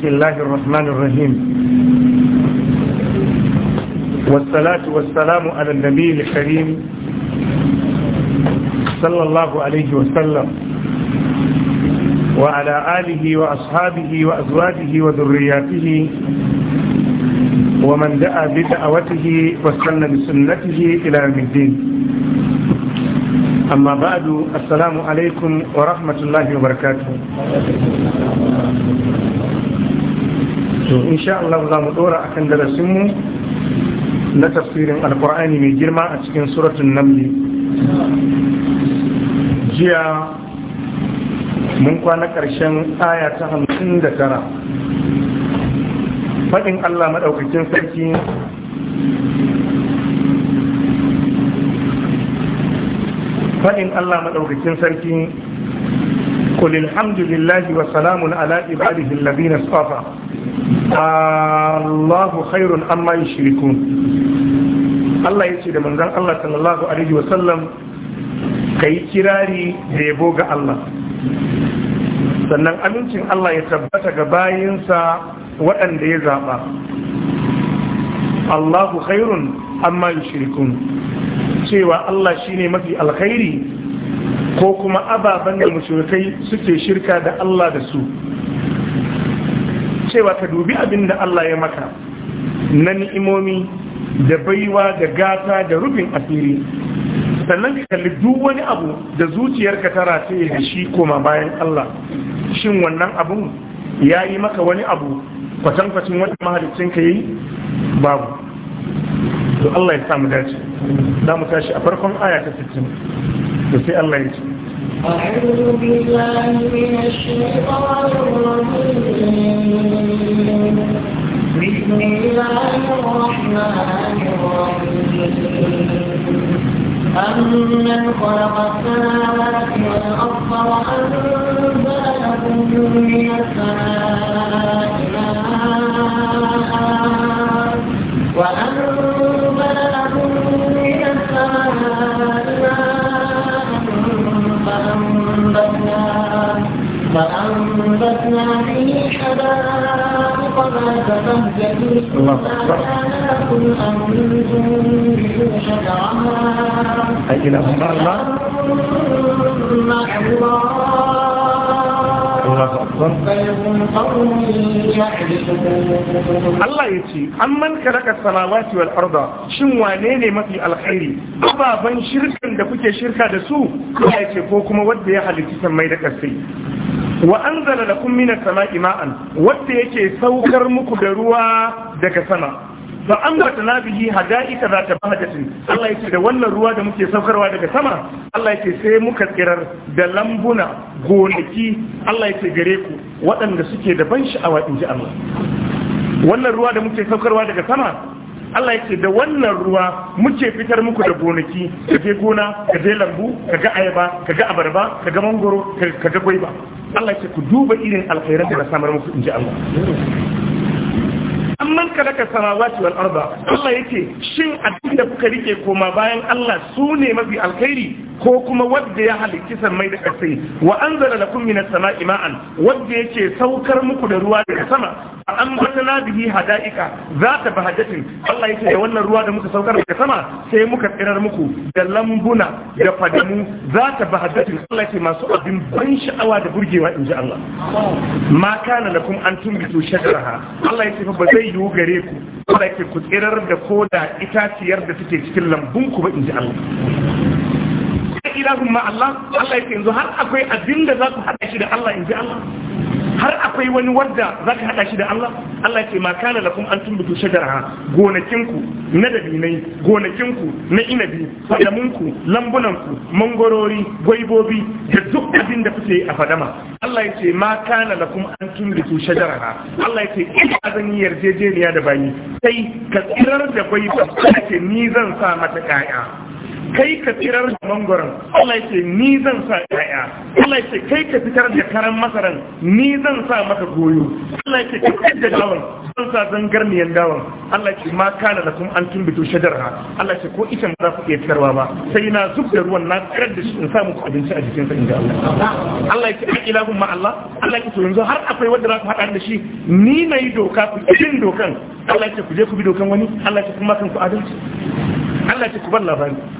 بسم الله الرحمن الرحيم والصلاة والسلام على النبي الكريم صلى الله عليه وسلم وعلى آله وأصحابه وأزواجه وذرياته ومن دعا بدعوته واستنى بسنته إلى يوم الدين أما بعد السلام عليكم ورحمة الله وبركاته to insha Allah za mu dora akan mu na tafsirin alkur'ani mai girma a cikin suratun namli jiya mun kwana karshen aya ta 59 allah madaukakin sarki faɗin allah maɗaukakin sarki قل الحمد لله وسلام على عباده الذين اصطفى الله خير اما يشركون Allah ya ce da الله Allah الله Alaihi وسلم ka كراري kirari da yabo ga Allah sannan amincin Allah ya tabbata ga bayinsa waɗanda ya zaɓa Allahu khairun amma yushrikun cewa Allah shine mafi alkhairi ko kuma ababen da mushrikai suke shirka da Allah da su cewa ka dubi abin da Allah ya maka na ni'imomi da baiwa da gata da rubin asiri sannan ka kalli duk wani abu da zuciyarka ta rataye da shi koma bayan Allah shin wannan abun ya yi maka wani abu kwatankwacin wani mahalicin ka yi babu to Allah ya samu dace za mu tashi a farkon aya ta sai أعوذ بالله من الشيطان الرجيم بسم الله الرحمن الرحيم أمن خلق السماوات والأرض وأنزل لكم من السماء ماء وأنزل أجله مع الله Allah ya ce, An man karaka salawati wal arda shin wane ne mafi alkhairi, ababen shirkan da kuke shirka da su, ya ce ko kuma wadda ya halitta mai da ƙasai. wa anzala lakum minas sama'i ma'an wanda yake saukar muku da ruwa daga sama fa na bihi hada'ika zata bahajatin Allah yake da wannan ruwa da muke saukarwa daga sama Allah yake sai muka tsirar da lambuna gonaki Allah yake gare ku waɗanda suke da ban sha'awa inji Allah wannan ruwa da muke saukarwa daga sama Allah ya ce da wannan ruwa muke fitar muku da gonaki ka je gona ka je lambu ka ga ayaba ka ga abarba ka ga mangoro ka ga gwaiba Allah ya ce ku duba irin alkhairan da na samar muku in ji Allah amman ka samawati wal arda Allah ya ce shin abin da kuka rike koma bayan Allah su ne mafi alkhairi ko kuma wadda ya halicci sammai da ƙasai wa anzala lakum minas sama'i ma'an wadda yake saukar muku da ruwa daga sama a an batana bihi hada'ika za ta bahajatin Allah ce, da wannan ruwa da muka saukar daga sama sai muka tsirar muku da lambuna da fadamu za ta bahajatin Allah yake masu abin ban sha'awa da burgewa in ji Allah ma kana lakum an tumbitu shajaraha Allah ce, fa ba zai yiwu gare ku Allah ku tsirar da koda itaciyar da take cikin lambunku ba in ji Allah aka ilahun ma Allah Allah ya yanzu har akwai abin da za ku haɗa shi da Allah in ji Allah har akwai wani wadda za ka haɗa shi da Allah Allah ce ma kana lakum an tumbutu shajara gonakinku na dabinai gonakinku na inabi fadamunku lambunanku mangorori gwaibobi da duk abin da kuke a fadama Allah ya ce ma kana lakum an tumbutu shajara Allah ya ce ina zan yi yarjejeniya da bayi sai ka tsirar da gwaiba ce ni zan sa mata kaya kai ka tirar da mangoron Allah ya ce ni zan sa ƴaƴa Allah ya ce kai ka fitar da karan masaran ni zan sa maka goyo Allah ya ce ka fitar da dawan zan sa zangarniyan dawan Allah ya ce ma kana da kuma an tumbito shajarha Allah ya ce ko ita ba za ku iya fitarwa ba sai na zub da ruwan na tsirar da shi in sa muku abinci a jikinsa inda Allah Allah ya ce an ilahun ma Allah Allah ya ce to yanzu har akwai wanda za ku haɗa da shi ni na yi doka ku bin dokan Allah ya ce ku je ku bi dokan wani Allah ya ce kuma kan ku adalci Allah ya ce ku bar labari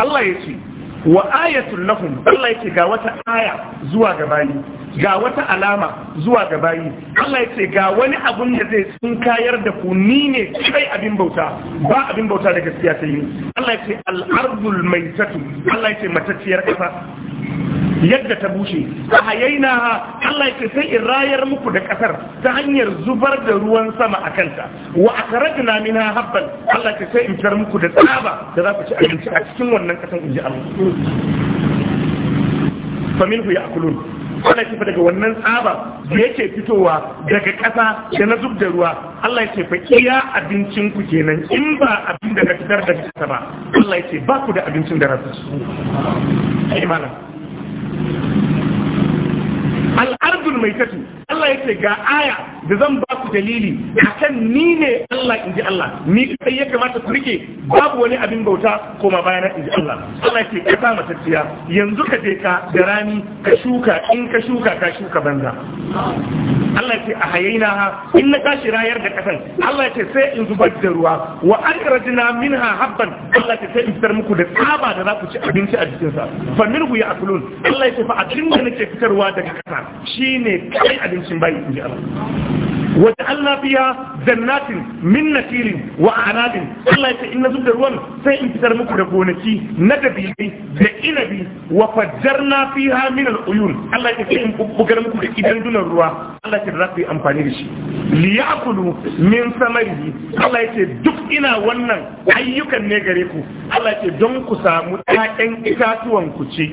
Allah ya ce wa ayatul lahum Allah ce ga wata aya zuwa ga bayi ga wata alama zuwa ga bayi Allah ce ga wani abun da zai kayar da ku ni ne kai abin bauta ba abin bauta da gaskiya sai ni Allah ce al-ardul maitatu Allah ya ce matacciyar ƙasa. yadda ta bushe a hayaina Allah ya sai in rayar muku da kasar ta hanyar zubar da ruwan sama a kanta wa akarajna minha habban Allah ya sai in tar muku da tsaba da za ku ci abinci a cikin wannan kasar inji Allah faminhu ya'kulun wannan kifa daga wannan tsaba da yake fitowa daga ƙasa da na zub da ruwa Allah ya ce fa iya abincin ku kenan in ba abin da na fitar daga ƙasa ba Allah ya ce ba ku da abincin da rasu ai malam I, mai maitatu Allah yake ga aya da zan ba ku dalili akan ni ne Allah in ji Allah ni kai ya kamata ku rike babu wani abin bauta koma bayana in ji Allah Allah yake ka sama tattiya yanzu ka je ka da rani ka shuka in ka shuka ka shuka banza Allah yake a hayaina in na tashi rayar da kasan Allah yake sai in zubar da ruwa wa akrajna minha habban Allah yake sai in fitar muku da tsaba da za ku ci abinci a jikinsa fa minhu ya akulun Allah yake fa abin da nake fitarwa daga kasa shine ne kai abincin bayi in ji Allah وجعلنا فيها جنات من نخيل وأعناب الله يتي إن زبد الروان سي انتظر مكو دكونكي ندبي دئنبي وفجرنا فيها من العيون الله يتي سي انبقر مكو دكيدن دون الروا الله يتي رفي أمفاني لشي ليأكلوا من ثمره الله يتي دك إنا ونن أيوكا نيغريكو الله يتي دونكو سامو تاكين إتاتوان كوشي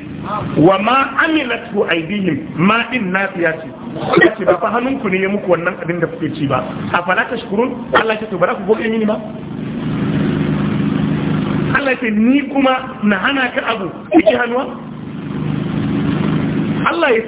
وما عملته أيديهم ما إن نافياتي يتي بابا هنونكو نيمكو ونن أبين kuke ci ba afala tashkurun Allah ya ce ku gode mini ba Allah ya ni kuma na hana ka abu kike hannuwa Allah ya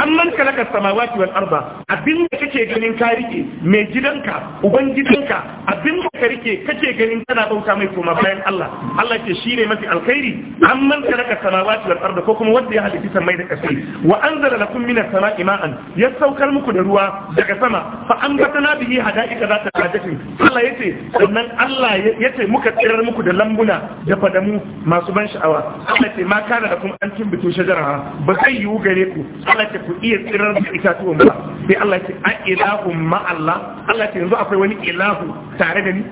amman kalakar samawati wal arba abin da kake ganin ka rike mai gidanka uban gidanka abin da ka rike kake ganin kana bauta mai koma bayan Allah Allah ke shine mafi alkhairi amman kalakar samawati wal arba ko kuma wanda ya halitta samai da ƙasa wa anzala lakum minas sama'i ma'an ya saukar muku da ruwa daga sama fa ambatana bihi hada'ika zata hajatin Allah yace sannan Allah yace muka tsirar muku da lambuna da fadamu masu ban sha'awa Allah ce ma kana da kuma an tumbitu shajara ba zai yiwu gare ku Allah ce ku iya tsirar da itatuwan ba sai Allah ya ce a ilahun ma Allah ce yanzu akwai wani ilahu tare da ni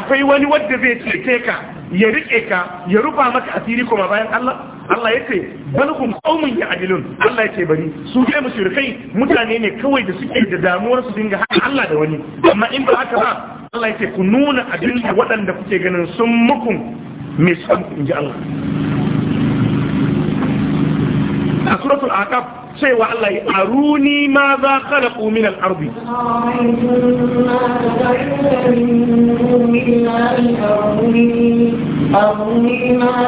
akwai wani wadda zai cece ka ya riƙe ka ya rufa maka asiri kuma bayan Allah Allah ya ce balkum qaumun adilun Allah ya ce bari su kai mushrikai mutane ne kawai da suke da damuwar su dinga haɗa Allah da wani amma in ba haka ba Allah ya ce ku nuna abin waɗanda kuke ganin sun muku mai san ji Allah a suratul aqab cewa Allah ya aruni ma za khalaqu min al-ardi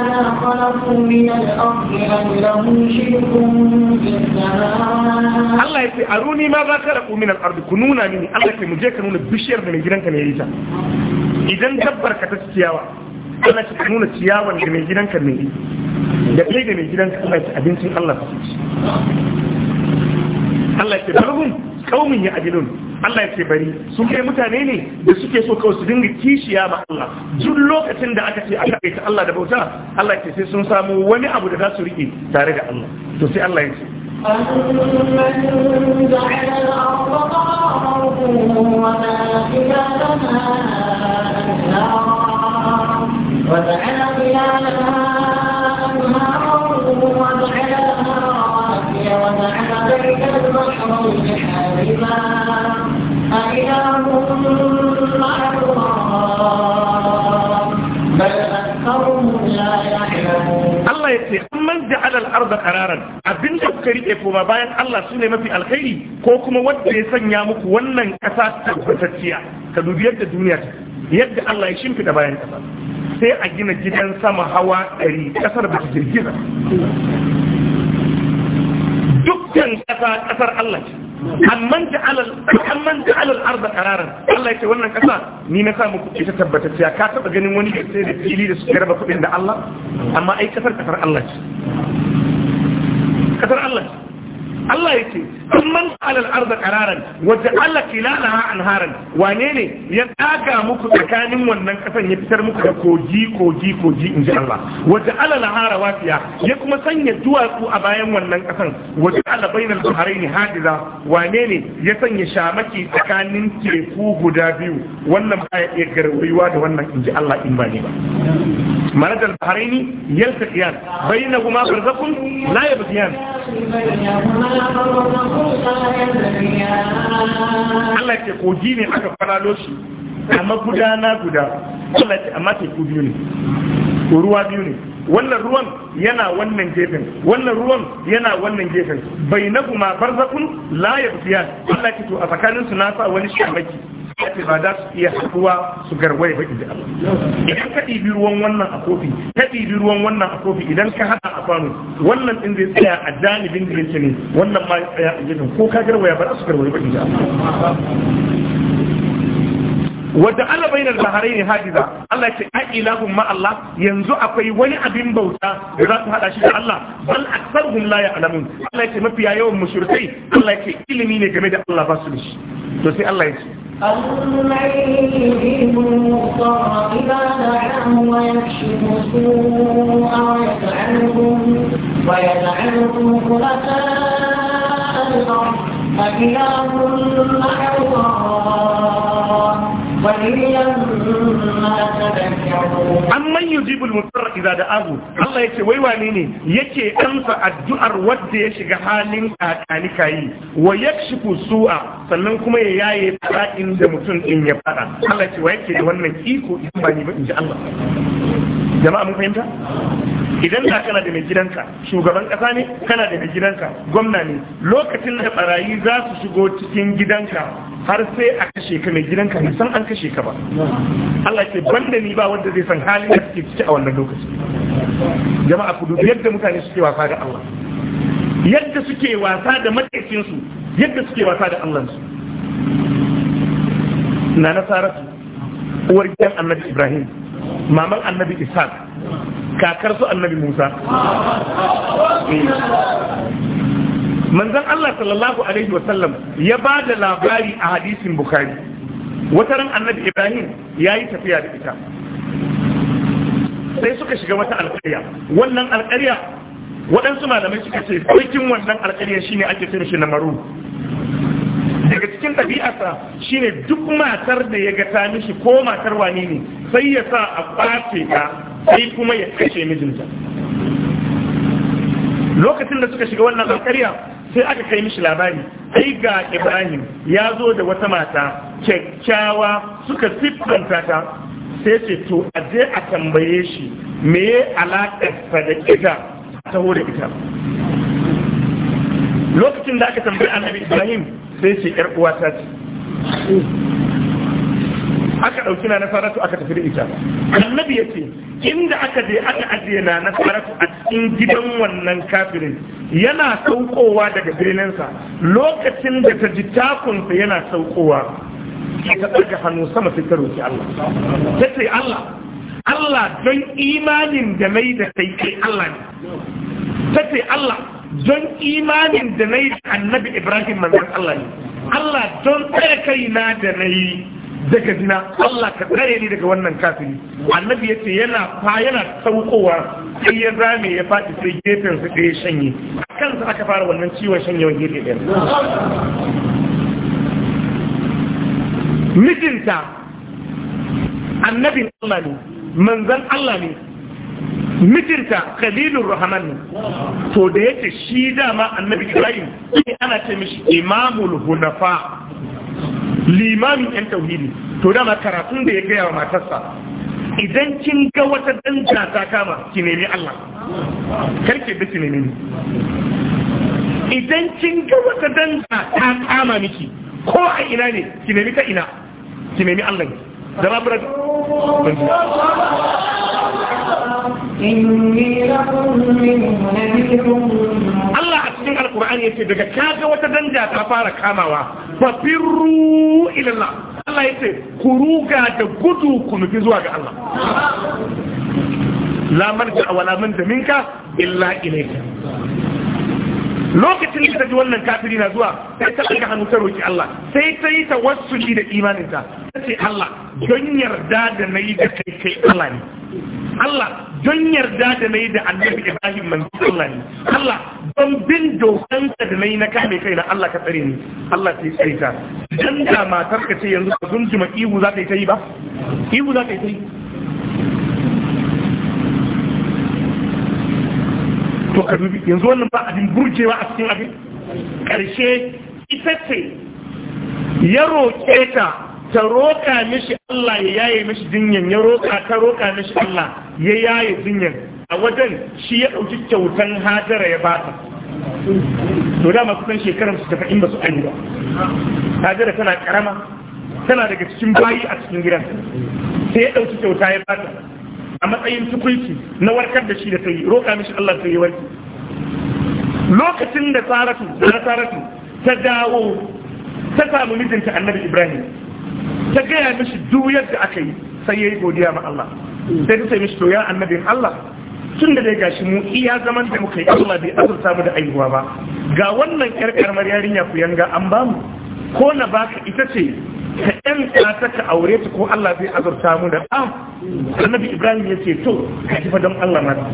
ماذا خلقوا من الأرض أم لهم في السماء الله يقول أروني ماذا خلقوا من الأرض كنونا مني الله يقول مجيك نونا بشير من جنانك Allah ka nuna ciyawan da mai gidanka mai da kai da mai gidanka Allah ya abincin Allah ka ci Allah ya ce barhum qaumin ya'dilun Allah ya ce bari sun kai mutane ne da suke so kawai su dinga kishiya ma Allah duk lokacin da aka ce aka kai ta Allah da bauta Allah ya ce sai sun samu wani abu da za su rike tare da Allah to sai Allah ya ce أمن جعل الأرض قرارا وما خلالها أنهارا وجعل خلالها أنهارا وجعل لها رواسي وجعل بين البحرين حاجبا أإله مع الله بل أكثرهم لا يعلمون Allah ya ce an man ja'ala al-ardha qararan abinda kuka rike koma bayan Allah sune mafi alkhairi ko kuma wanda ya sanya muku wannan kasa tabbatacciya ka dubi yadda duniya yadda Allah ya shimfida bayan kasa sai a gina gidan sama hawa ɗari ƙasar ba ta girgiza dukkan ƙasa ƙasar Allah ce amman arda Allah wannan kasa ni na samu kuɗi ta tabbatacciya ka taba ganin wani da da fili da raba kuɗin da Allah amma ai Allah ce Allah ce Allah amman alal arda qararan waje Allah kilalaha anharan wane ne ya daga muku tsakanin wannan kasan ya fitar muku da koji koji koji in ji Allah waje alal hara wafiya ya kuma sanya duwatsu a bayan wannan kasan waje ala bainal bahrain hadiza wane ne ya sanya shamaki tsakanin teku guda biyu wannan ba ya iya garwayuwa da wannan in ji Allah in ba ne ba مرج البحرين يلتقيان بينهما برزخ لا يبغيان Allah ke kogi ne aka fara loshi amma gudana guda Allah ke amma teku biyu ne ruwa biyu ne wannan ruwan yana wannan gefen wannan ruwan yana wannan gefen bai na kuma barzakun la ya Allah ke to a tsakaninsu na sa wani shamaki ce ba za su iya haɗuwa su garwaye ba inda idan ka ɗibi ruwan wannan a kofi ka ɗibi ruwan wannan a kofi idan ka haɗa a kwano wannan ɗin zai tsaya a janibin da yake ne wannan ma ya tsaya a gefen ko ka garwaya ba za su garwaye ba inda wadda ala bainar baharai ne hadiza Allah ce a ilahun ma Allah yanzu akwai wani abin bauta da za su hada shi da Allah bal aksarhum la ya'lamun Allah ce mafiya yawan mushrikai Allah ce ilimi ne game da Allah ba su da shi to sai Allah ya ce أمن يجيب المضطر إذا دعاه ويكشف السوء ويجعلكم ويجعلكم خلفاء الأرض أإله مع الله وليا ما تبكي An jibul mutar iza da Abu. Allah ya ce wai wane ne yake amsa addu'ar wanda ya shiga halin kakani kayi. wa ya yakshifu su'a sannan kuma ya yaye tsarakin da mutum din ya fada Allah ya ce wa yake da wannan iko idan ba ni ba inji Allah jama'a mun fahimta idan ka kana da mai gidanka shugaban kasa ne kana da mai gidanka gwamna ne lokacin da barayi za su shigo cikin gidanka har sai a kashe ka mai gidanka na san an kashe ka ba Allah ke banda ni ba wanda zai san halin da suke ciki a wannan lokaci jama'a ku dubi yadda mutane suke wasa da Allah yadda suke wasa da matsayin su yadda suke wasa da Allah su na nasaratu uwar gidan annabi Ibrahim maman annabi Ishaq kakar su annabi Musa Manzan Allah sallallahu alaihi wasallam ya ba da labari a hadisin Bukhari wata ran annabi Ibrahim ya yi tafiya da ita sai suka shiga wata alƙarya wannan alƙarya waɗansu malamai suka ce cikin wannan alƙarya shine ake shi mishi maru. daga cikin ɗabi'arsa shine duk matar da ya ga ta mishi ko matar wani ne sai ya sa a ƙwace ta sai kuma ya kashe mijinta lokacin da suka shiga wannan alƙarya sai aka kai mishi labari ai ga ibrahim ya zo da wata mata kyakkyawa suka siffanta ta sai ce to a je a tambaye shi meye alaƙarsa da ita taho da ita lokacin da aka tambayi annabi ibrahim sai ce yar ta ce aka ɗauki na nasaratu aka tafi da ita annabi ya ce inda aka je aka ajiye na nasaratu a cikin gidan wannan kafirin yana saukowa daga birninsa lokacin da ta ji takunsa yana saukowa ta ɗaga hannu sama sai ta roki Allah ta ce Allah Allah don imanin da mai da kai kai Allah ne ta ce Allah don imanin da na yi da annabi Ibrahim manzon Allah ne Allah don tsare kai na da na yi daga zina Allah ka tsare ni daga wannan kafiri annabi ya ce yana fa yana saukowa sai ya zame ya faɗi sai gefen su ɗaya shanye kansa aka fara wannan ciwon shanyewan gefe ɗaya mijinta annabin Allah ne manzan Allah ne mijinta khalilur rahman ne to da yake shi dama annabi Ibrahim ana ce mishi imamul hunafa limamin yan tauhidi to dama karatun da ya gaya wa matarsa idan kin ga wata dan ta kama ki nemi Allah karke da ki nemi ni idan kin ga wata dan ta kama miki ko a ina ne ki nemi ta ina ki nemi Allah ne da babura Allah a cikin alkur'ani ya ce daga kaga wata danja ta fara kamawa fafirru ilallah Allah ya ce ku ruga da gudu ku nufi zuwa ga Allah la marja wa la da minka illa ilayka lokacin da ta ji wannan kafiri na zuwa sai ta ga hannu ta roki Allah sai ta yi tawassuli da imanin ta ce Allah don yarda da na yi da kai kai Allah ne Allah don yarda da na yi da annabi Ibrahim manzo Allah ne Allah don bin dokan da na na kame kai na Allah ka tsare ni Allah sai tsare ta dan da matar ka ce yanzu ka zunjuma ihu za ta yi ta yi ba ihu za ta yi ta yi to ka dubi yanzu wannan ba abin burgewa a cikin abin karshe ita ce ya roƙe ta ta roƙa mishi Allah ya yaye mishi jinyan ya roƙa ta roƙa mishi Allah ya yaye jinyan a wajen shi ya ɗauki kyautan hajara ya ba ta to masu kusan shekarar su tafi in ba su ayu ba hajara tana karama tana daga cikin bayi a cikin gidan sai ya ɗauki kyauta ya ba ta a matsayin tukulki na warkar da shi da sai roƙa mishi Allah sai ya warki. lokacin da saratu da saratu ta dawo ta samu mijinta annabi ibrahim ta gaya mishi duk yadda aka yi sai ya yi godiya ma Allah sai ta sai mishi to ya annabin Allah tun da dai gashi mu iya zaman da muka yi Allah bai azurta mu da aihuwa ba ga wannan yar karamar yarinya ku yanga an ba mu ko na baka ita ce ka ɗan ta ka aure ta ko Allah bai azurta mu da ɗan annabi Ibrahim ya ce to ka kifa don Allah mata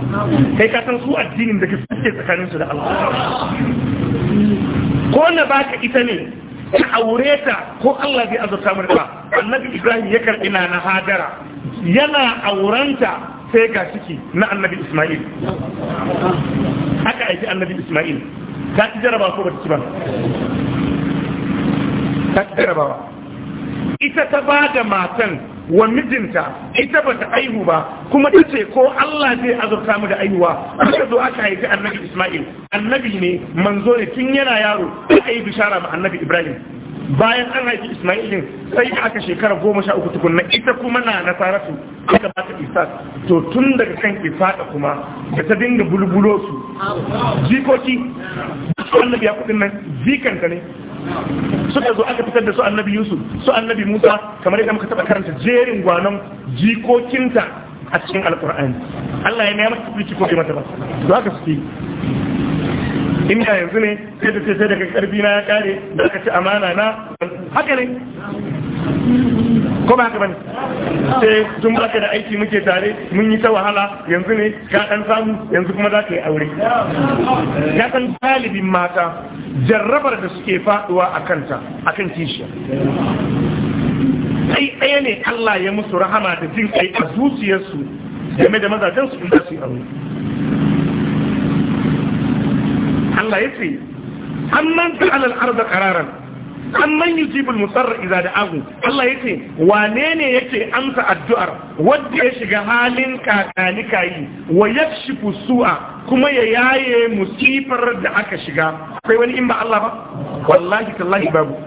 kai ka san su addinin da suke tsakanin su da Allah ko na baka ita ne ka aure ta ko Allah bai azurta mu da ɗan annabi Ibrahim ya karɓi na na hadara yana aurenta sai ga ciki na annabi Ismail aka aiki annabi Ismail ta ci jaraba ko ba ta ci ba ta ci jarabawa ita ta ba da matan wa mijinta ita ba ta aihu ba kuma ita ce ko Allah zai azurta mu da aihuwa aka zo aka haifi annabi Ismail annabi ne manzo ne tun yana yaro aka yi bishara ma annabi Ibrahim bayan an haifi din sai aka shekara goma sha uku tukunna ita kuma na nasaratu aka ba ta isa to tun daga kan isa kuma da ta dinga bulbulo su jikoki su annabi ya kudin nan jikanta ne suka zo aka fitar da su annabi yusuf su annabi musa kamar yadda muka taba karanta jerin gwanon jikokinta a cikin alkur'ani allah ya nema mata ko bai mata ba za ka su inda yanzu ne sai da sai daga karfi na ya kare da aka ci amana na haka ne ko ba haka bane sai tun baka da aiki muke tare mun yi ta wahala yanzu ne ka dan samu yanzu kuma za ka yi aure ya san galibin mata jarrabar da suke faduwa a kanta akan kishiya sai ɗaya ne Allah ya musu rahama da jin kai a zuciyarsu game da mazajensu in za su yi aure Allah ya ce amman ta'alal arda qararan amman yujibul Allah yace wane ne yake amsa addu'ar wanda ya shiga halin kakanika yi wa yakshifu su'a kuma ya yaye musifar da aka shiga akwai wani in ba Allah ba wallahi tallahi babu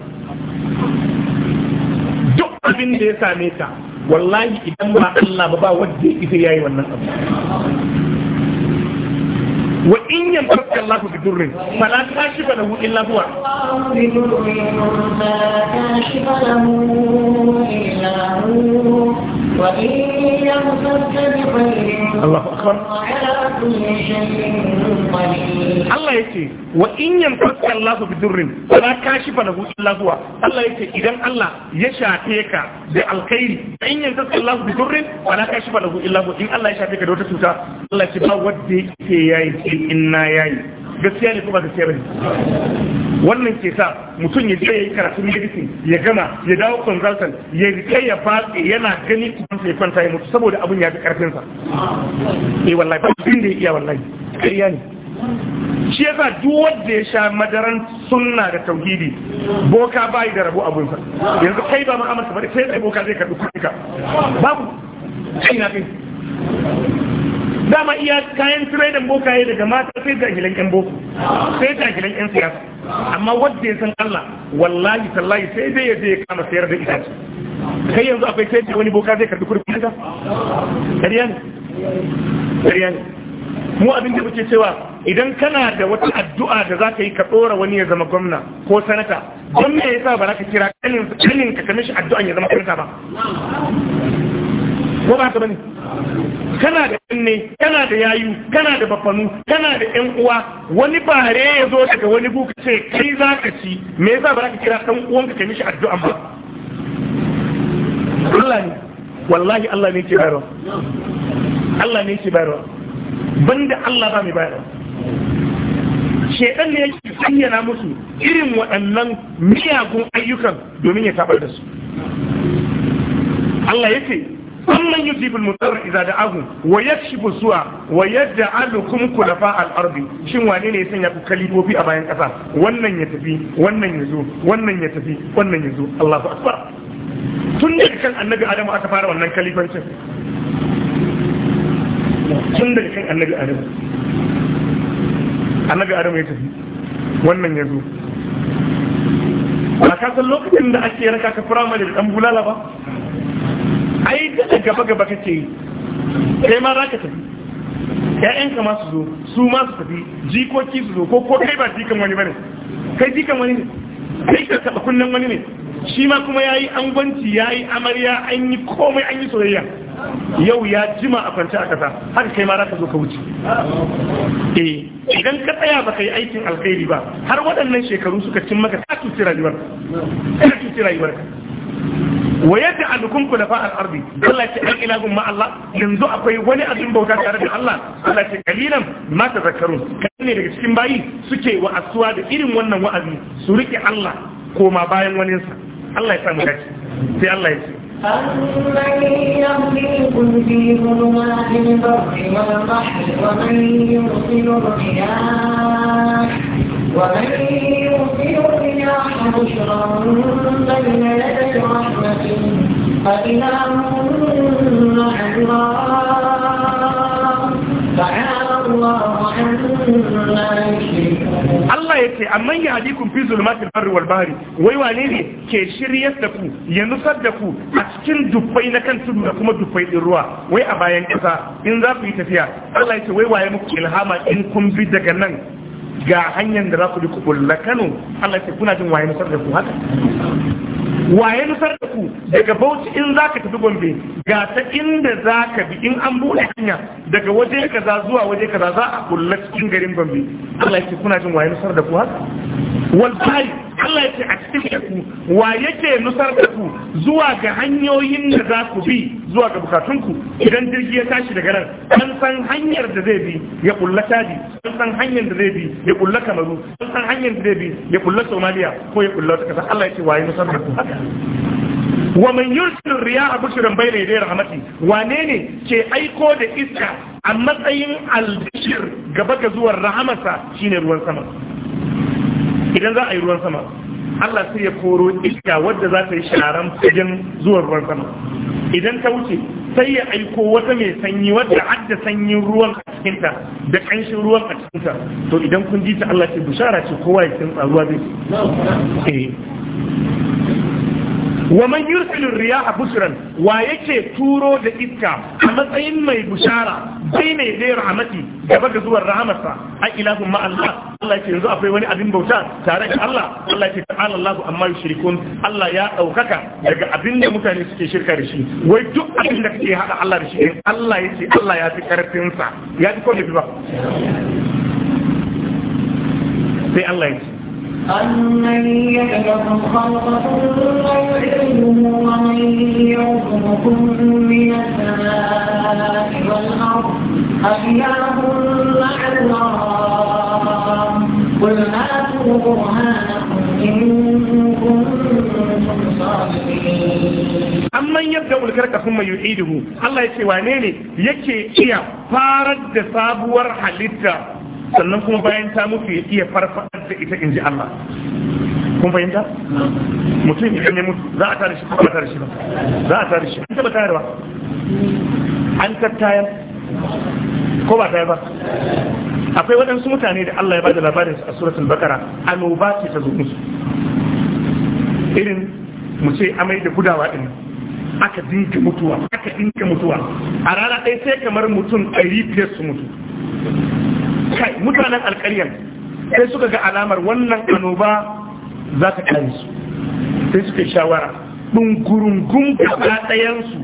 duk abin da ya same ta wallahi idan ba Allah ba ba wadda ya yayi wannan abu wa in yamtaka Allahu bi durrin fala kashifa lahu illa huwa bi Allah akbar Allah yake wa in yamsaka Allah bi durrin fala kashifa lahu illa huwa Allah yake idan Allah ya shafe ka da alkhairi in yamsaka Allah bi durrin fala kashifa lahu illa huwa in Allah ya shafe ka da wata cuta Allah ya ba wadda yake yayi in na yayi gaskiya ne ko ba gaskiya bane wannan ke sa mutum ya je yi karatun medicine ya gama ya dawo consultant ya rike ya fatsi yana gani kuma sai kwanta ya mutu saboda abun ya fi karfin sa eh wallahi ba din da iya wallahi kariya ne shi yasa duk wanda ya sha madaran sunna da tauhidi boka bai da rabu abun sa yanzu kai ba ma'amala ba sai boka zai karbi kuɗi ka babu kai na kai dama iya kayan tiredan bokaye daga mata sai jahilan yan boko sai jahilan yan siyasa amma wanda ya san Allah wallahi tallahi sai dai ya je ya kama sayar da itace kai yanzu akwai sai da wani boka zai karbi kurkun ka kariya ne kariya ne mu abin da muke cewa idan kana da wata addu'a da za ka yi ka tsora wani ya zama gwamna ko sanata gwamna ya sa ba za ka kira kanin ka kamishi addu'an ya zama sanata ba ko ba ka bane kana da ne kana da yayu kana da bafanu kana da yan uwa wani bare ya zo daga wani buka ce kai za ka ci me yasa ba za ka kira dan uwan ka mishi addu'a ba Allah ne wallahi Allah ne ke bayarwa Allah ne ke bayarwa banda Allah ba mai bayarwa shedan ne yake sanyana musu irin waɗannan miyagun ayyukan domin ya tabar da su Allah yake amman yujibul mutarra idza da'ahu wa yakshifu su'a wa yaj'alukum khulafa al-ardi shin wane ne ya sanya ku kalifofi a bayan ƙasa? wannan ya tafi wannan ya zo wannan ya tafi wannan ya zo Allahu akbar tun daga kan annabi adamu aka fara wannan kalifancin tun daga kan annabi adamu annabi adamu ya tafi wannan ya zo ba ka san lokacin da ake raka ka firamare da dan bulala ba ai da gaba gaba kake yi kai ma za ka tafi ƴaƴanka ma su zo su ma su tafi jikoki su zo ko ko kai ba jikan wani bane kai jikan wani ne kai ka taɓa kunnan wani ne shi ma kuma yayi angwanci yayi amarya an yi komai an yi soyayya yau ya jima a kwance a kasa har kai ma ka zo ka wuce eh idan ka tsaya ba ka yi aikin alkhairi ba har waɗannan shekaru suka cin maka ta tuci rayuwarka. ka tuci rayuwar ka wa yadda alukum kulafa al-ardi Allah ce an ilahun ma Allah yanzu akwai wani abin bauta tare da Allah Allah ce kalilan ma tazakkarun kan ne daga cikin bayi suke wa'asuwa da irin wannan wa'azi su rike Allah koma bayan waninsa Allah ya samu dace sai Allah ya ce أَمَّنْ يَمْلِكُ فِي ظُلُمَاتِ الْبَرِّ وَالْبَحْرِ وَمَنْ يُرْسِلُ الرِّيَاحَ ومن يرسل الرياح بشرا بين يدي رحمته أإله مع الله تعالى الله عما يشركون Allah ya ce amma ya haɗi kun fi zulmatin barri wal bahari wai wane ne ke shiryar da ku ya nusar da ku a cikin dubbai na kan tudu da kuma dubbai din ruwa wai a bayan ƙasa in za ku yi tafiya Allah ya ce wai waye muku ilhama in kun bi daga nan ga hanyar da za ku duka ku bulla Kano Allah ce kuna jin waye nusar da ku haka waye nusar da ku daga Bauchi in za ka tafi Gombe ga ta inda za ka bi in an bude hanya daga waje kaza zuwa waje kaza za a bulla cikin garin Gombe Allah ce kuna jin waye nusar da ku haka wallahi Allah ya ce a cikin ku wa yake nusar da ku zuwa ga hanyoyin da za ku bi zuwa ga bukatunku idan jirgi ya tashi daga nan an san hanyar da zai bi ya kulla Chadi an san hanyar da zai bi ya kulla Kamaru an san hanyar da zai bi ya kulla Somalia ko ya kulla kasa Allah ya ce wa ya nusar da ku wa man yursil riyaha bushran bayna yaday rahmati wane ne ke aiko da iska a matsayin albishir gaba ga zuwan rahamarsa shine ruwan sama idan za a yi ruwan sama Allah sai ya koro iska wadda za ta yi sharan fagen zuwan ruwan sama idan ta wuce sai ya aiko wata mai sanyi wadda hadda sanyin ruwan a cikinta da ƙanshin ruwan a cikinta to idan kun ji ta Allah ce bishara ce kowa ya tsinta ruwa zai eh. wa man yursilu riyaha busran wa yake turo da iska a matsayin mai bushara bai ne da rahmati gaba ga zuwan rahamarsa a ilahun ma Allah Allah yake yanzu akwai wani abin bauta tare da Allah Allah yake ta'ala Allah amma yushrikun Allah ya daukaka daga abin da mutane suke shirka da shi wai duk abin da kake hada Allah da shi in Allah yake Allah ya fi karfin sa ya fi ko ba sai Allah yake أمن يخلق الخلق ثم يعلمه ومن يرزقكم من السماء والأرض أحياه مع الله قل هاتوا برهانكم إن كنتم صادقين amman yadda ulkarka sun mai yu'iduhu Allah ya ce wane ne yake iya farar da sabuwar halitta sannan kuma bayan ta mutu ya iya farfadar ta ita in ji Allah kun fahimta mutum idan ne mutu za a tare shi ba tare shi ba za a tare shi an taba tare ba an tattayar ko ba tare ba akwai waɗansu mutane da Allah ya bada labarin a suratul bakara annoba ce ta zo musu irin mu ce amai da gudawa din aka dinka mutuwa aka dinka mutuwa a rana ɗaya sai kamar mutum ɗari biyar su mutu kai mutanen alƙaryar sai suka ga alamar wannan annoba za ta kare su sai suka shawara ɗungurungun gaba ɗayansu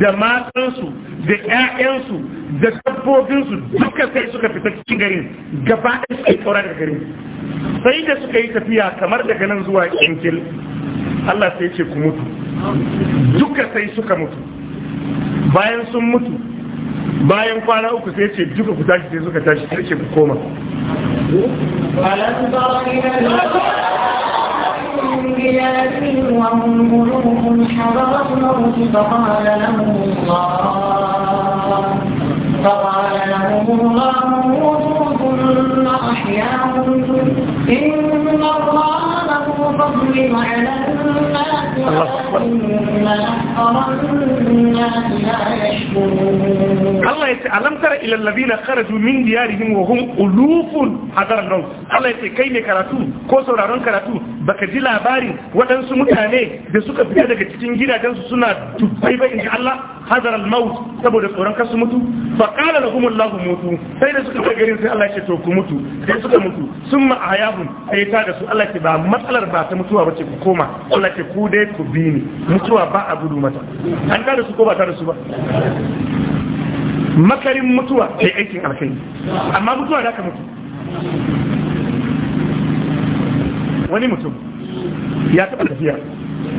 da matansu da 'ya'yansu da dabbobinsu duka sai suka fita cikin garin gaba ɗaya suka yi kaura daga garin sai da suka yi tafiya kamar daga nan zuwa yankin Allah sai ce ku mutu duka sai suka mutu bayan sun mutu bayan kwana uku sai ce duka ku tashi sai suka tashi sai ce ku koma فقال لهم الله موتوا ثم أحياهم الله له فضل على الله أكبر الله ألم ترى إلى الذين خرجوا من ديارهم وهم ألوف حذر الموت Allah ya ce kai mai karatu ko sauraron karatu baka ji labarin waɗansu mutane da suka fita daga cikin gidajensu suna tubbai bai in Allah hazar al-maut saboda tsoron kasu mutu fa qala lahum Allah mutu sai da suka garin sai Allah ya ce to ku mutu sai suka mutu summa ayabun sai ta da su Allah ya ce ba matsalar ba ta mutuwa bace ku koma Allah ya ce ku dai ku bi ni mutuwa ba a gudu mata an ta da su ko ba ta da su ba makarin mutuwa sai aikin alkai amma mutuwa da ka mutu wani mutum ya taɓa tafiya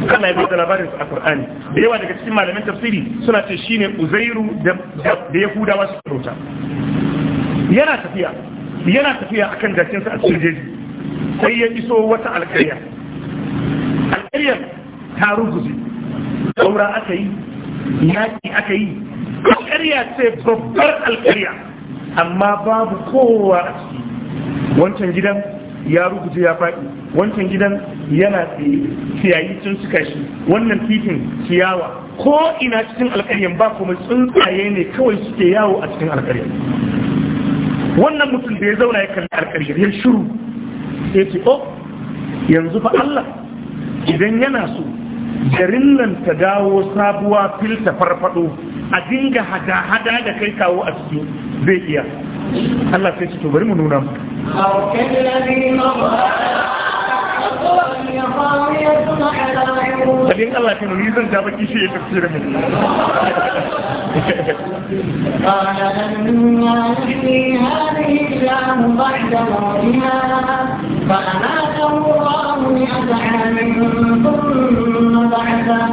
Allah ya bada labarin su a Qur'ani da yawa daga cikin malamin tafsiri suna ce shine Uzairu da da Yahudawa su rota yana tafiya yana tafiya akan jakin sa a cikin jeji sai ya iso wata alƙarya alƙarya ta rubuce saura aka yi yaƙi aka yi alƙarya ce babbar alƙarya amma babu kowa a ciki wancan gidan ya rubuce ya faɗi wancan gidan yana ciyayi sun suka shi wannan titin ciyawa ko ina cikin alkaryan ba kuma tsuntsaye ne kawai suke yawo a cikin alkaryan wannan mutum da ya zauna ya kalli alkaryan ya shiru ya ce oh yanzu fa Allah idan yana so garin nan ta dawo sabuwa filta farfado a dinga hada-hada da kai kawo a ciki zai iya Allah sai ce to bari mu nuna mu Abin Allah kan ni zan ja baki shi ya tafsira mu. قال لن يحيي هذه الله بعد موتها فأماته الله مئة عام ثم بعثه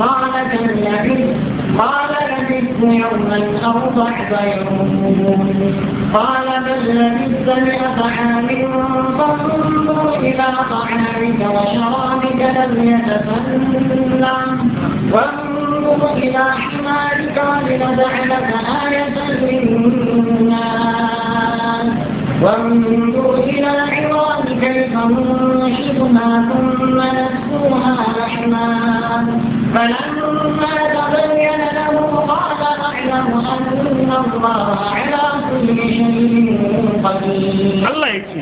قال كم لبثت قال لبثت يوما أو بعد يوم قال بل لبثت مئة عام فانظر إلى طعامك وشرابك لم يتسنى وانظر إلى حمارك ولنجعلك آية للناس وانظر إلى العظام كيف ننشدها ثم نكسوها لحما فلما تبين له قال أعلم أن الله على كل شيء الله يكفي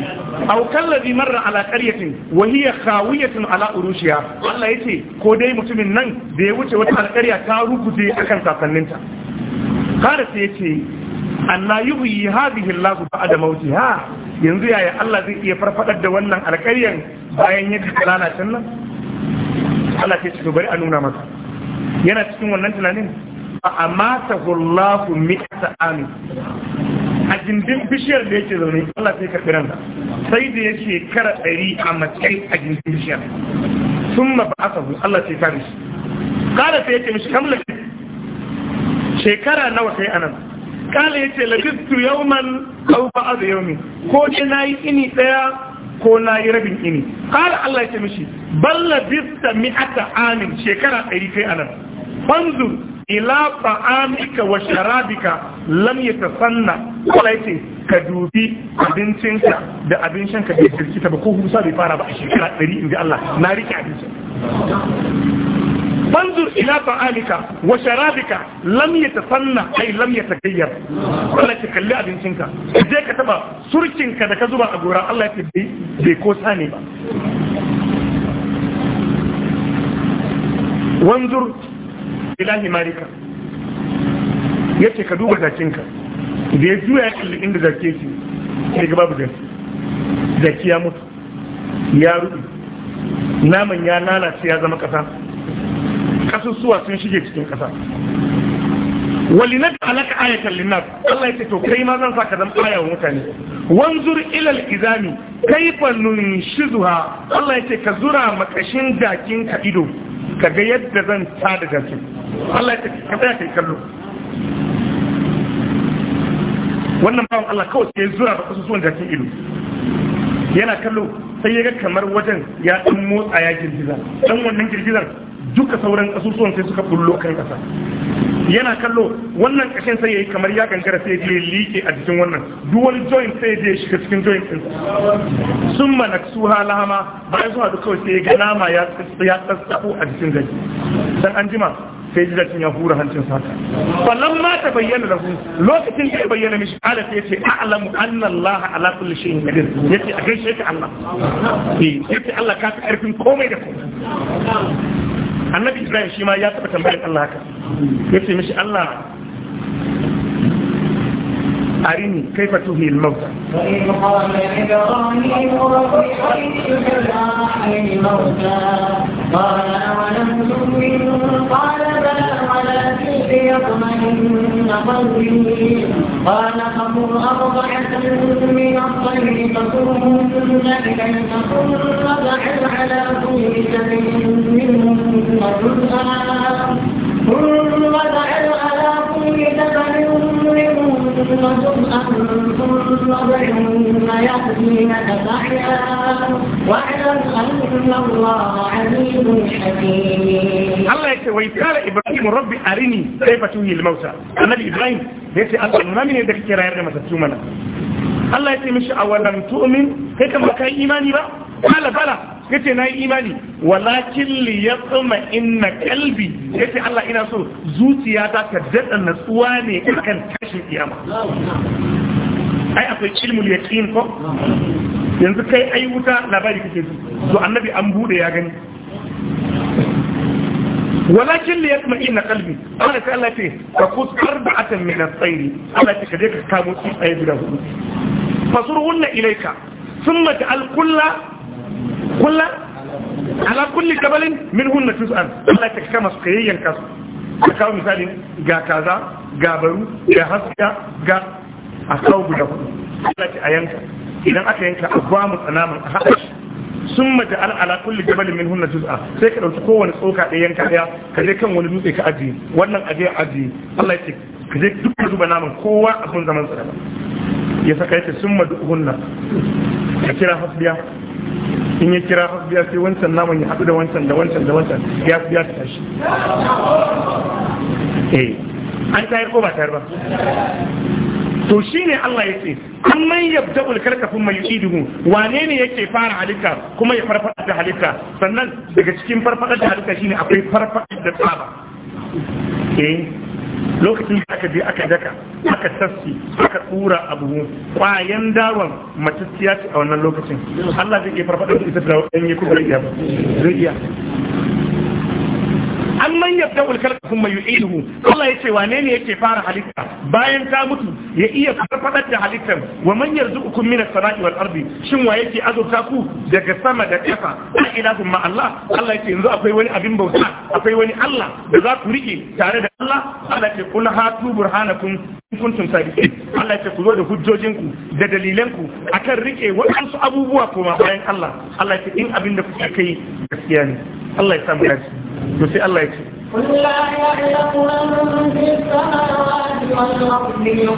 أو كالذي مر على قرية وهي خاوية على أروشها الله يكفي كودي متمن نن دي وجه وتع القرية تاروك دي أكن ساسننتا قال سيكفي أن لا يبي هذه الله بعد موتها ينزي يا الله zai iya farfadar da wannan alƙaryan bayan yadda lalacin nan Allah sai to bari a nuna masa yana cikin wannan tunanin a amatahu Allah mi'ata amin a gindin bishiyar da yake zaune Allah sai karɓi ransa sai da ya kara ɗari a matsayi a gindin bishiyar sun ma ba aka Allah sai kare shi kala sai yake mishi kamla shekara nawa kai anan kala yace labistu yawman aw ba'd yawmi ko dai yi ini ɗaya. ko na yi rabin ini kala Allah ya ce mishi balla bista mi'ata amin shekara ɗari kai anan fanzur ila ta'amika wa sharabika lam yatasanna kala ya ka dubi abincinka da abin shanka bai kirkita ba ko husa bai fara ba a shekara ɗari in ji Allah na rike abincin فانظر إلى طعامك وشرابك لم يتسنى أي لم يتغير الله يتكلي أبن شنك إذا كتبا سرشنك دكذبا أقورا الله يتبي بيكو ثاني wanzur ilahi marika ya ce ka duba zakinka da ya juya ya kalli inda zake shi sai ga babu zaki zaki ya mutu ya rubi naman ya lalace ya zama ƙasa. kasusuwa sun shige cikin ƙasa da alaka ayatar linnar, Allah ya ce to kai ma zan sa ka aya wa mutane wanzur izami kai izami shi nunshizuha Allah ya ce ka zura makashin dakin ka ido ka ga yadda zan da dakin Allah ya ce ka tsaya kai kallo wannan bawan Allah kawai sai zura da kasusuwan dakin ido yana kallo sai ya ga kamar wajen ya dan motsa ya girgiza dan wannan girgizar duka sauran kasusuwan sai suka bullo kan kasa yana kallo wannan kashin sai yayi kamar ya kankara sai je liƙe a jikin wannan dual joint sai je shiga cikin joint din sun manaksu halama bayan zuwa duk kawai sai ga nama ya ya tsatsako a jikin gari dan an jima sai ji dakin ya hura hancin sata fallan ma ta bayyana lahu lokacin da ya bayyana mishi ala sai yace a'lamu anna Allah ala kulli shay'in qadir yace a gaishe ka Allah eh yace Allah ka karfin komai da komai annabi ibrahim shi ma ya taba tambayar allah haka ya ce mishi allah أرني كيف تهي الموتى وإن قال الموتى قال أولم تؤمن قال بلى ولكن ليطمئن قلبي قال خذوا أربعة من الطير فكلهن إليك ثم بعد على كل سبيل منهم جزءا أن الله يسوي حكيم إبراهيم ربي أرني كيف تهي الموتى النبي إبراهيم يقول الله ما من يدك كرا يرغم ستومنا Allah الله يسوي مش اولا تؤمن هيك ما كان ايماني بقى ba kala bala kace ايماني walakin li ya tsuma inna kalbi ya ce Allah ina so zuciyata ta daɗa natsuwa ne kan tashin kiyama ai akwai ilmul yaqin ko yanzu kai ai wuta labari kake ji to annabi an bude ya gani walakin li yatma inna qalbi Allah ta Allah ce ka kut arba'atan min as-sayr Allah ta kaje ka kamo tsaye guda hudu fasurhunna ilayka thumma ta'al kullu kullu ala kulli جبل min جزءا tus'al Allah ta كذا su مثال kasu كذا kawo misali ga kaza ga baru ga haska ga a kawo guda hudu Allah ta yanka idan aka yanka a ba mu tsanamin a haɗa shi sun mata ala ala kulli jabalin min sai ka dauki kowane yanka ɗaya ka je kan wannan ajiye ajiye Allah yake kaje duk duba naman kowa a kun zaman sa ya saka yace sun madu kira hasbiya in ya kira hasbiya sai wancan naman ya haɗu da wancan da wancan da wancan ya fi ya tashi eh an tayar ko ba tayar ba to shine Allah ya ce amma yabda ulkarkafin mai idimu wane ne yake fara halitta kuma ya farfada da halitta sannan daga cikin farfada da halitta shine akwai farfada da tsaba eh lokacin da aka je aka daka aka sassi aka tura abu kwayan dawan matacciya ce a wannan lokacin Allah zai iya farfaɗa da ita da wani ya kuma zai iya yabda ulkal kuma yu'iduhu Allah ce wane ne yake fara halitta bayan ta mutu ya iya farfadar da halittar wa man yarzuqukum minas sama'i wal ardi shin wa yake azurta ku daga sama da ƙasa a ilahun ma Allah Allah yace yanzu akwai wani abin bauta akwai wani Allah da za ku rike tare da Allah Allah yace kul hatu burhanakum in kuntum sadiqin Allah yace ku zo da hujjojinku da dalilanku akan rike waɗansu abubuwa koma bayan Allah Allah yace in abin da kuke kai gaskiya ne Allah ya samu dace to sai Allah ya ce قل لا من في السماوات الله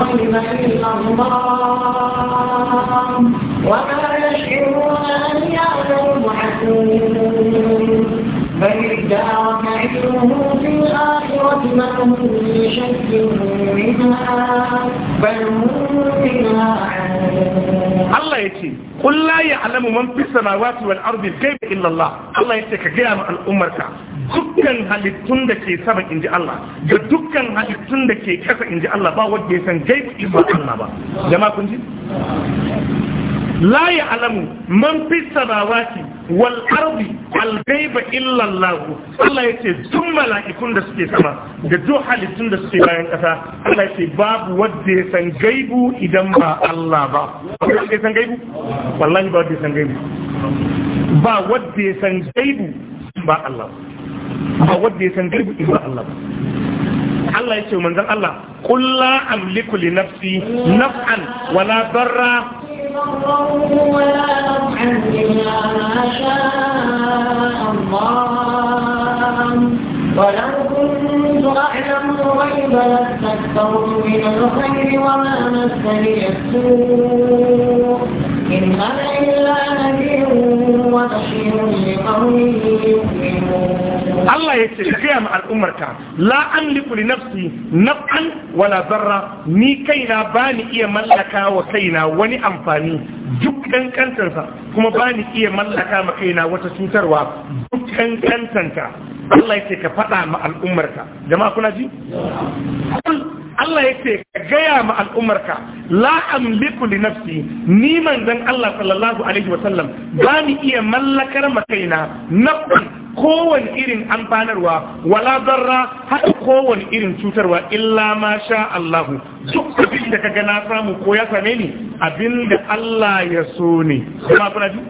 وما يشعرون أن يعلم حسين بل ادارك علمه في الآخرة من شك منها بل منها Allah ya ce, "Kulla ya alamu man fi samawati wal ardi kai الله illallah." Allah ya ce ka gaya ma al'ummarka dukkan halittun da ke sama in ji Allah, da dukkan halittun da ke kasa in ji Allah ba wanda san gaibu ba ba. Jama'a kun ji? La ya alamu man fi samawati wal ardi al ghaiba illa Allah Allah yace duk mala'ikun da suke sama da duk halittun da suke bayan kasa Allah yace babu wanda ya san gaibu idan ba Allah ba wanda ya san gaibu wallahi ba wanda ya san gaibu ba wanda ya san gaibu ba Allah ba wanda ya san gaibu ba Allah ba, Allah yace manzon Allah qul la amliku li nafsi naf'an wala darra عني ما شاء الله ولو كنت أعلم الغيب لاستكثرت من الخير وما مسني السوء Allah ya ce gaya ma al’ummarta, La an liɓuri nafsi, naf’an wala zarra, ni kaina ba ni iya mallaka wa kaina wani amfani duk ƙankantarsa, kuma ba ni iya mallaka wa kaina wata cutarwa duk ƙankantarsa. Allah ya ce ka faɗa ma al'ummarka jama'a kuna ji Allah ya ce ka gaya ma al'ummarka la amliku li nafsi ni manzon Allah sallallahu alaihi wa sallam ba ni iya mallakar ma kaina kowane irin amfanarwa wala zarra haka kowane irin cutarwa illa ma sha Allahu duk abin da kaga na samu ko ya same ni abinda Allah ya so ne kuma kuna ji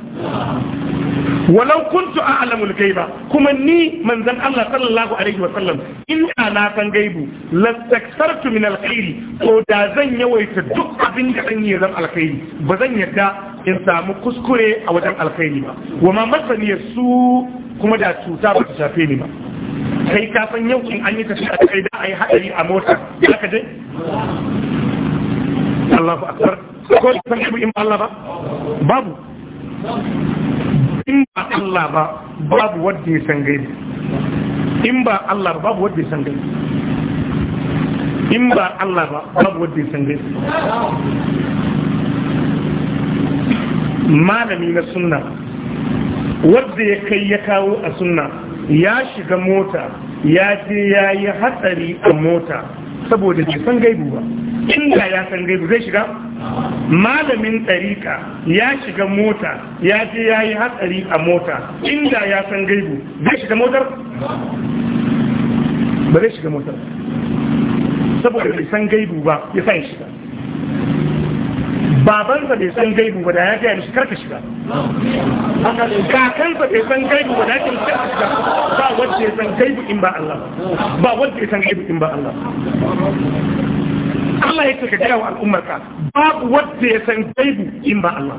walau kuntu a'lamul gaiba kuma ni manzon Allah sallallahu alaihi wa sallam in na san gaibu lastaksartu min alkhairi Ko da zan yawaita duk abin da zan yi zan alkhairi ba zan yadda in samu kuskure a wajen alkhairi ba wa ma su kuma da cuta ba ta shafe ni ba kai ka san yau in an yi tafiya kai da ai hadari a mota za ka je Allahu akbar ko san ku in Allah ba babu in ba Allah ba babu wanda ya san gaibi in ba Allah ba babu wanda ya san gaibi in ba Allah ba babu wanda ya san gaibi malami na sunna wadda ya kai ya kawo a sunna ya shiga mota ya je ya yi hatsari a mota saboda bai san gaibu ba inda ya san gaibu zai shiga malamin tsarika ya shiga mota ya je ya yi hatsari a mota inda ya san gaibu zai shiga motar ba zai shiga motar saboda bai san gaibu ba ya san shiga babansa bai san gaibu ba da ya gaya mishi karka shiga kakansa bai san gaibu ba da ya gaya karka shiga ba wanda ya san gaibu in ba Allah ba wanda ya san gaibu in ba Allah Allah ya ce ka gaya wa al'ummarka babu wanda ya san gaibu in ba Allah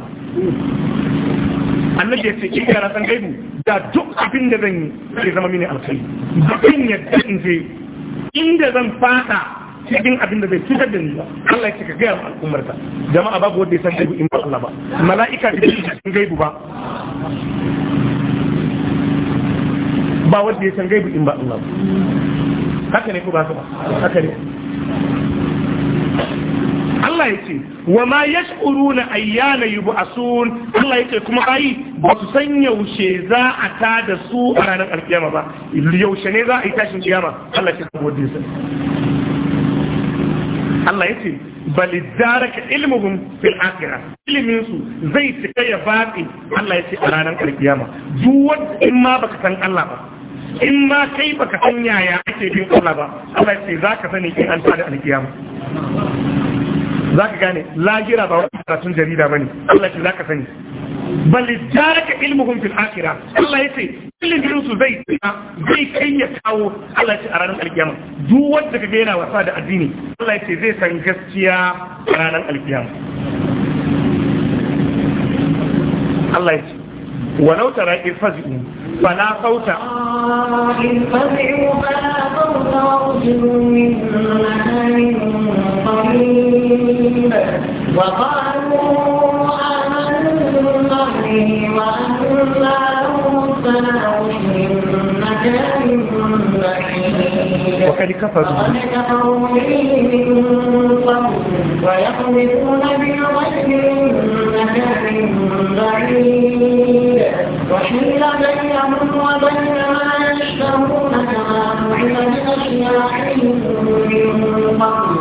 annabi ya ce in na san gaibu da duk abin da zan yi zai zama mini alkhairi da in yadda in je inda zan fada cikin abin da bai cutar da ni ba Allah ya ce ka gaya wa al'ummarka jama'a babu wanda ya san gaibu in ba Allah ba mala'ika da bai san gaibu ba ba wanda ya san gaibu in ba Allah ba haka ne ku ba ba haka ne Allah ya ce wa ma yash'uruna ayyana yub'asun Allah ya ce kuma ai ba su san yaushe za a tada su a ranar alkiyama ba yaushe ne za a yi tashin kiyama Allah ya ce Allah yace bal daraka ilmuhum fil akhirah ilmin su zai cika ya batsi Allah ya yace a ranar alkiyama duk wanda in ma baka san Allah ba in ma kai baka san yaya ake bin Allah ba Allah yace zaka sani in an tada alkiyama zaka gane lahira ba wani karatun jarida bane Allah ya yace zaka sani bal zaka ilmuhum fil akhirah Allah yace ilimin su zai tsina zai kai ya kawo Allah ya ce a ranar alkiyama duk wanda kaga yana wasa da addini Allah yace zai san gaskiya a ranar alkiyama Allah yace walau tara irfazi'u fala fauta irfazi'u fala fauta wa min makanin qarib wa qalu وقد كفروا ويقذفون بغير مكان بعيد وحيل بينهم وبين ما يشتهون كما فعل بأشياعهم من قبل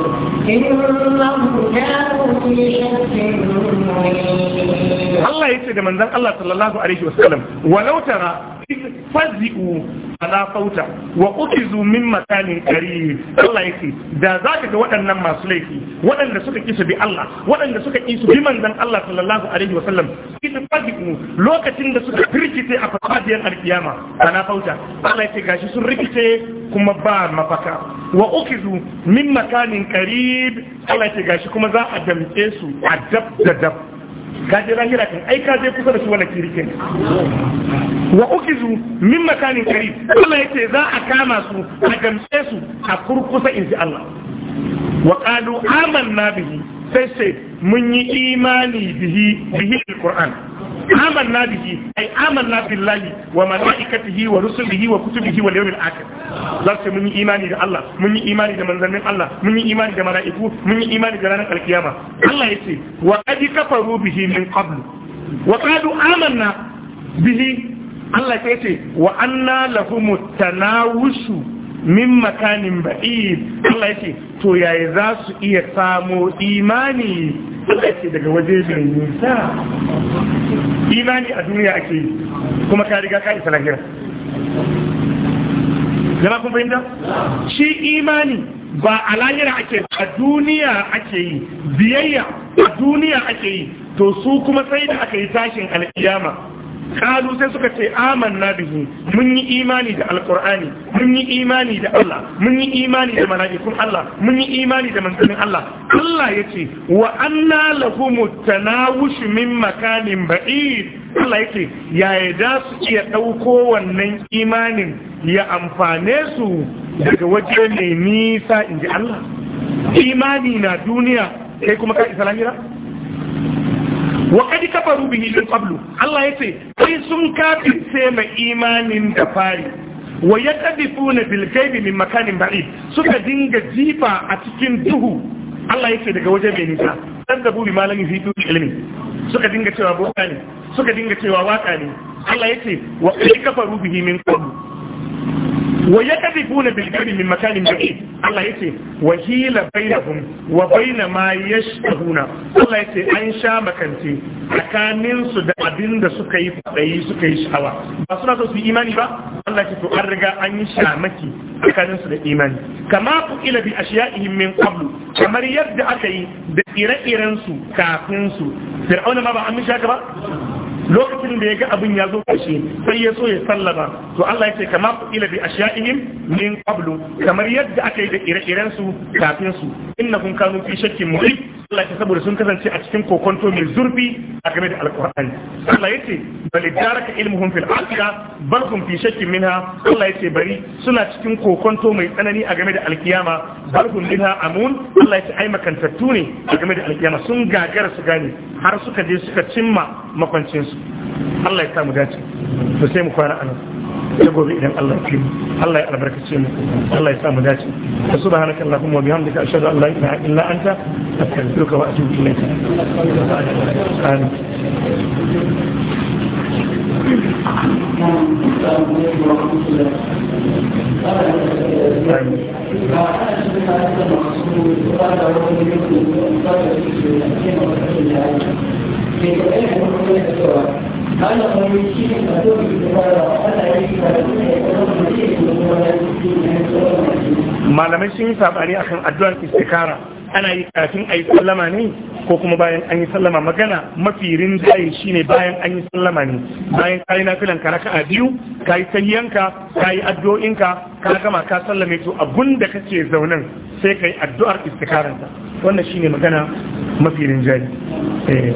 Allah ya ce da manzan Allah sallallahu Alaihi wasallam walau tara fazi'u ala fauta wa ukizu min makanin kari Allah ya ce da za ka ga waɗannan masu laifi waɗanda suka ƙi su bi Allah waɗanda suka ƙi su bi manzan Allah sallallahu Alaihi wasallam su fajiku lokacin da suka firgice a farfajiyar alkiyama kana fauta Allah ya ce gashi sun rikice kuma ba mafaka wa ukizu min makanin qarib Allah ya ce gashi kuma za a damke su a dab da dab kaje lahira kan ai ka je kusa da su wannan kirike wa ukizu min makanin qarib Allah ya ce za a kama su a damke su a kurkusa inji Allah wa qalu amanna bihi sai sai mun yi imani bihi bihi alquran amanna bihi ay amanna billahi wa malaikatihi wa rusulihi wa kutubihi wal yawmil akhir zaka mun yi imani da Allah mun yi imani da manzannin Allah mun yi imani da mala'iku mun yi imani da ranar alkiyama Allah yace wa qad kafaru bihi min qabl wa qad amanna bihi Allah yace wa anna lahumut tanawushu min makanin ba'id Allah yake to yaya za su iya samo imani Allah yake daga waje mai nisa imani a duniya ake yi kuma ka riga ka isa lahira jama kun fahimta shi imani ba a lahira ake a duniya ake yi biyayya a duniya ake yi to su kuma sai da aka yi tashin al'iyama kalu sai suka ce amanna bihi mun yi imani da alqur'ani mun yi imani da Allah mun yi imani da mala'ikun Allah mun yi imani da manzannin Allah Allah yace wa anna lahum tanawush min makanin ba'id Allah yace yaya da su iya dauko wannan imanin ya amfane su daga waje mai nisa inji Allah imani na duniya kai kuma ka isa wa kad kafaru bihi min qablu Allah yace kai sun kafirce ma imanin da fari wa funa bil bi min makanin ba'id suka dinga jifa a cikin duhu Allah yace daga waje bai nisa dan da bubi malami fi duki ilmi suka dinga cewa boka ne suka dinga cewa waka ne Allah yace wa kad kafaru bihi min qablu wa yakdifuna bil kadhi min makanin ba'id Allah yace wa hila bainahum wa bain ma yashtahuna Allah ce an sha makanti tsakanin su da abin da suka yi fadayi suka yi shawa ba suna so su imani ba Allah ce to an riga an yi shamaki tsakanin su da imani kama ku ila bi ashiya'ihim min qablu kamar yadda aka yi da ire-iren su kafin su fir'auna ma ba an mishi haka ba lokacin da ya ga abin ya zo kashi sai ya so ya sallama to Allah ya ce kama ku ila bi ashiyahim min qablu kamar yadda aka yi da ire-iren su kafin su innakum kanu fi shakkin mu'min Allah ya saboda sun kasance a cikin kokonto mai zurfi a game da alkur'ani Allah ya ce bal idaraka ilmuhum fil akhirah bal hum fi shakkin minha Allah ya ce bari suna cikin kokonto mai tsanani a game da alkiyama bal hum minha amun Allah ya ce ai makantattu ne a game da alkiyama sun gagara su gane har suka je suka cimma makwancin su Allah ya mu dace to sai mu kwana anan sai gobe idan Allah ya Allah ya albarkace mu Allah ya samu dace wa subhanaka allahumma wa bihamdika ashhadu an la ilaha illa anta astaghfiruka wa atubu ilayk Thank you. malamai sun yi sabani akan addu'ar istikara ana yi kafin a yi sallama ne ko kuma bayan an yi sallama magana mafi rinjaye ne bayan an yi sallama ne bayan kayi na filan ka a biyu ka kayi sayyanka yi addu'o'inka ka gama ka sallame to abun da kake zaunan sai ka yi addu'ar istikaranta wannan shi ne magana mafi rinjaye eh.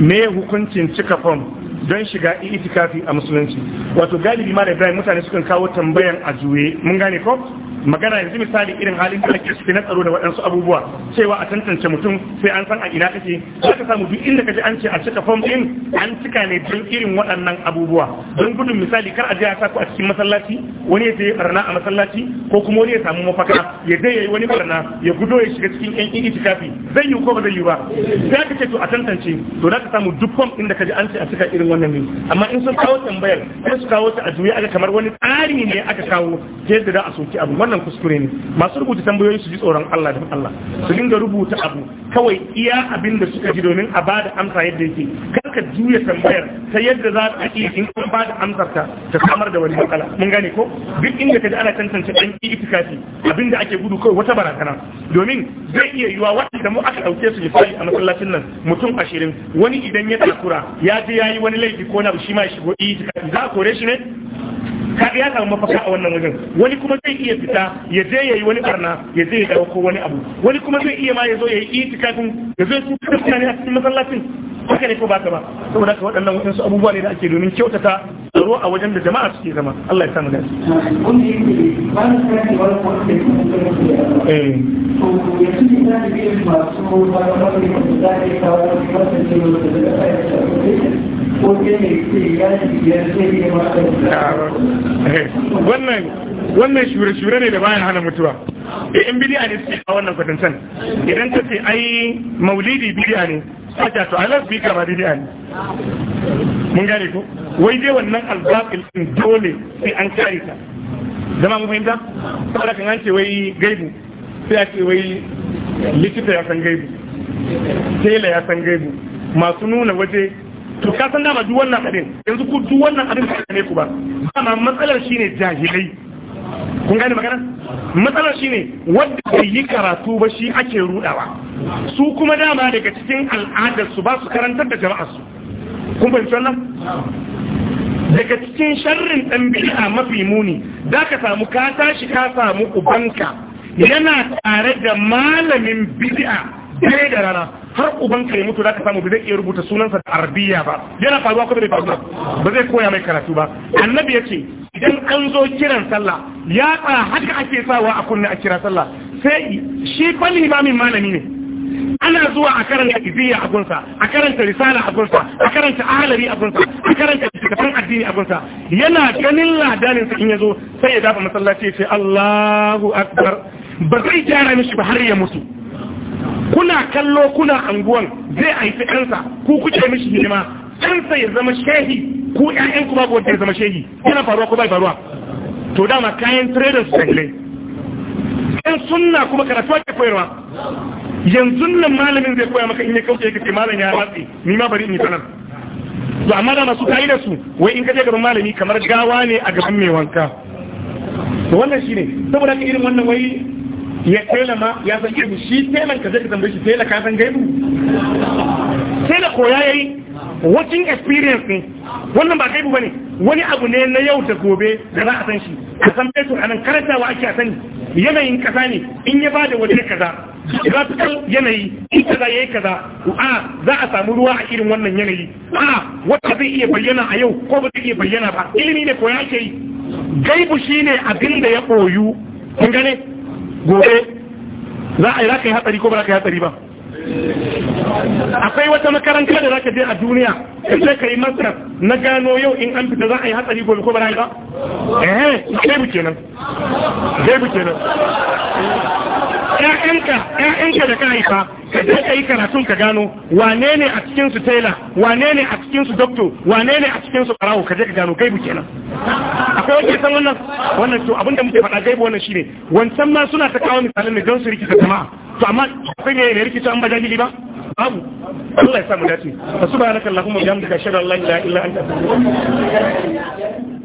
me hukuncin cika fom don shiga itikafi a musulunci wato galibi ma da ibrahim mutane sukan kawo tambayan a juye mun gane ko magana yanzu misali irin halin da ake cikin na tsaro da waɗansu abubuwa cewa a tantance mutum sai an san a ina kake za ka samu duk inda kaje an ce a cika fom din an cika ne don irin waɗannan abubuwa don gudun misali kar a je a saku a cikin masallaci wani ya je barna a masallaci ko kuma wani ya samu mafaka ya je yayi wani barna ya gudo ya shiga cikin yan tikafi zai yi ko ba zai yi ba za ka ce to a tantance to za ka samu duk fom din da kaje an ce a cika irin wannan ne amma in sun kawo tambayar sai su kawo ta a juya aka kamar wani tsari ne aka kawo ke yadda za a soki abu wannan kuskure ne masu rubuta tambayoyi su ji tsoron Allah da Allah su dinga rubuta abu kawai iya abin da suka ji domin a bada amsa yadda yake kar ka juya tambayar ta yadda za ka iya in ka bada amsar ta ta samar da wani matsala mun gane ko duk inda ka ji ana tantance dan itikafi abin da ake gudu kawai wata barakana domin zai iya yiwa wanda mu aka dauke su misali a masallacin nan mutum ashirin wani idan ya takura ya je yayi wani laifi ko na shi ma ya shigo itikafi za a kore shi ne ka ya samu mafaka a wannan wajen wani kuma zai iya fita ya je ya yi wani barna ya je ya dauko wani abu wani kuma zai iya ma ya zo ya yi itikafin ya zo ya tuka ne a cikin masallacin haka ne ko baka ba saboda haka waɗannan waɗansu abubuwa ne da ake domin kyautata tsaro a wajen da jama'a suke zama Allah ya samu da eh. wannan wannan shure-shure ne da bayan hana mutuwa eh, in bidiya ne suke a wannan kwatancan idan ta ce ai maulidi bidiya ne saka to alas bi kama bidiya ne mun gane ko wai dai wannan albatil din dole sai an kare ka zama mu fahimta saboda kan an ce wai gaibu sai a ce wai likita ya san gaibu tela ya san gaibu masu nuna waje to ka san dama duk wannan abin yanzu ku duk wannan abin ba ne ku ba dama matsalar shine jahilai kun gane magana matsalar shine wadda bai yi karatu ba shi ake rudawa su kuma dama daga cikin al'adarsu su ba su karantar da jama'arsu su kun fahimci wannan daga cikin sharrin dan bid'a mafi muni da ka samu ka tashi ka samu ubanka yana tare da malamin bid'a dare da rana har ubanka ya mutu za samu ba zai iya rubuta sunansa da arabiya ba yana faruwa ko bai faruwa ba zai koya mai karatu ba annabi ya ce idan an zo kiran sallah ya tsaya haka ake sawa a kunna a kira sallah sai shi fa limamin malami ne ana zuwa a karanta iziya a gunsa a karanta risala a gunsa a karanta ahalari a gunsa a karanta littattafan addini a gunsa yana ganin ladanin sa in yazo sai ya dafa masallaci ya ce Allahu akbar ba zai gyara mishi ba har ya mutu kuna kallo kuna anguwan zai haifi ɗansa ku kuce mishi hidima ɗansa ya zama shehi ku ƴaƴan ku babu wanda ya zama shehi yana faruwa ko bai faruwa to dama kayan traders sahilai Ƴan sunna kuma karatu ake koyarwa yanzu nan malamin zai koya maka in ya kauce ka malam ya ratsi ni ma bari in yi sanar to amma da masu kayi da su wai in ka je gaban malami kamar gawa ne a gaban mai wanka to wannan shine saboda ka irin wannan wai ya tsela ma ya san gaibu shi tsela ka zai tambaye shi tela ka san gaibu sai da koya yayi wajen experience ne wannan ba gaibu bane wani abu ne na yau da gobe da za a san shi a san nan anan wa ake a sani yanayin kasa ne in ya bada waje kaza ba su kan yanayi in kaza yi kaza a za a samu ruwa a irin wannan yanayi a wata zai iya bayyana a yau ko ba zai iya bayyana ba ilimi ne koya ake yi gaibu shi ne abin da ya koyu kun gobe za a yi za yi hatsari ko ba za ka yi hatsari ba akwai wata makaranta da zaka je a duniya ka je ka yi masar na gano yau in an fita za a yi hatsari gobe ko bara ba eh gaibu kenan gaibu kenan ƴaƴanka ƴaƴanka da ka haifa ka je ka yi karatun ka gano wane ne a cikin su taila wane ne a cikin su doctor wane ne a cikin su karawo ka je ka gano gaibu kenan akwai wani san wannan wannan to abinda muke faɗa gaibu wannan shine wancan ma suna ta kawo misalan ne don su rikita jama'a to amma akwai ne rikita an ba dalili ba babu Allah ya samu dace subhanakallahumma wa bihamdika ashhadu an la ilaha illa anta astaghfiruka wa atubu ilayk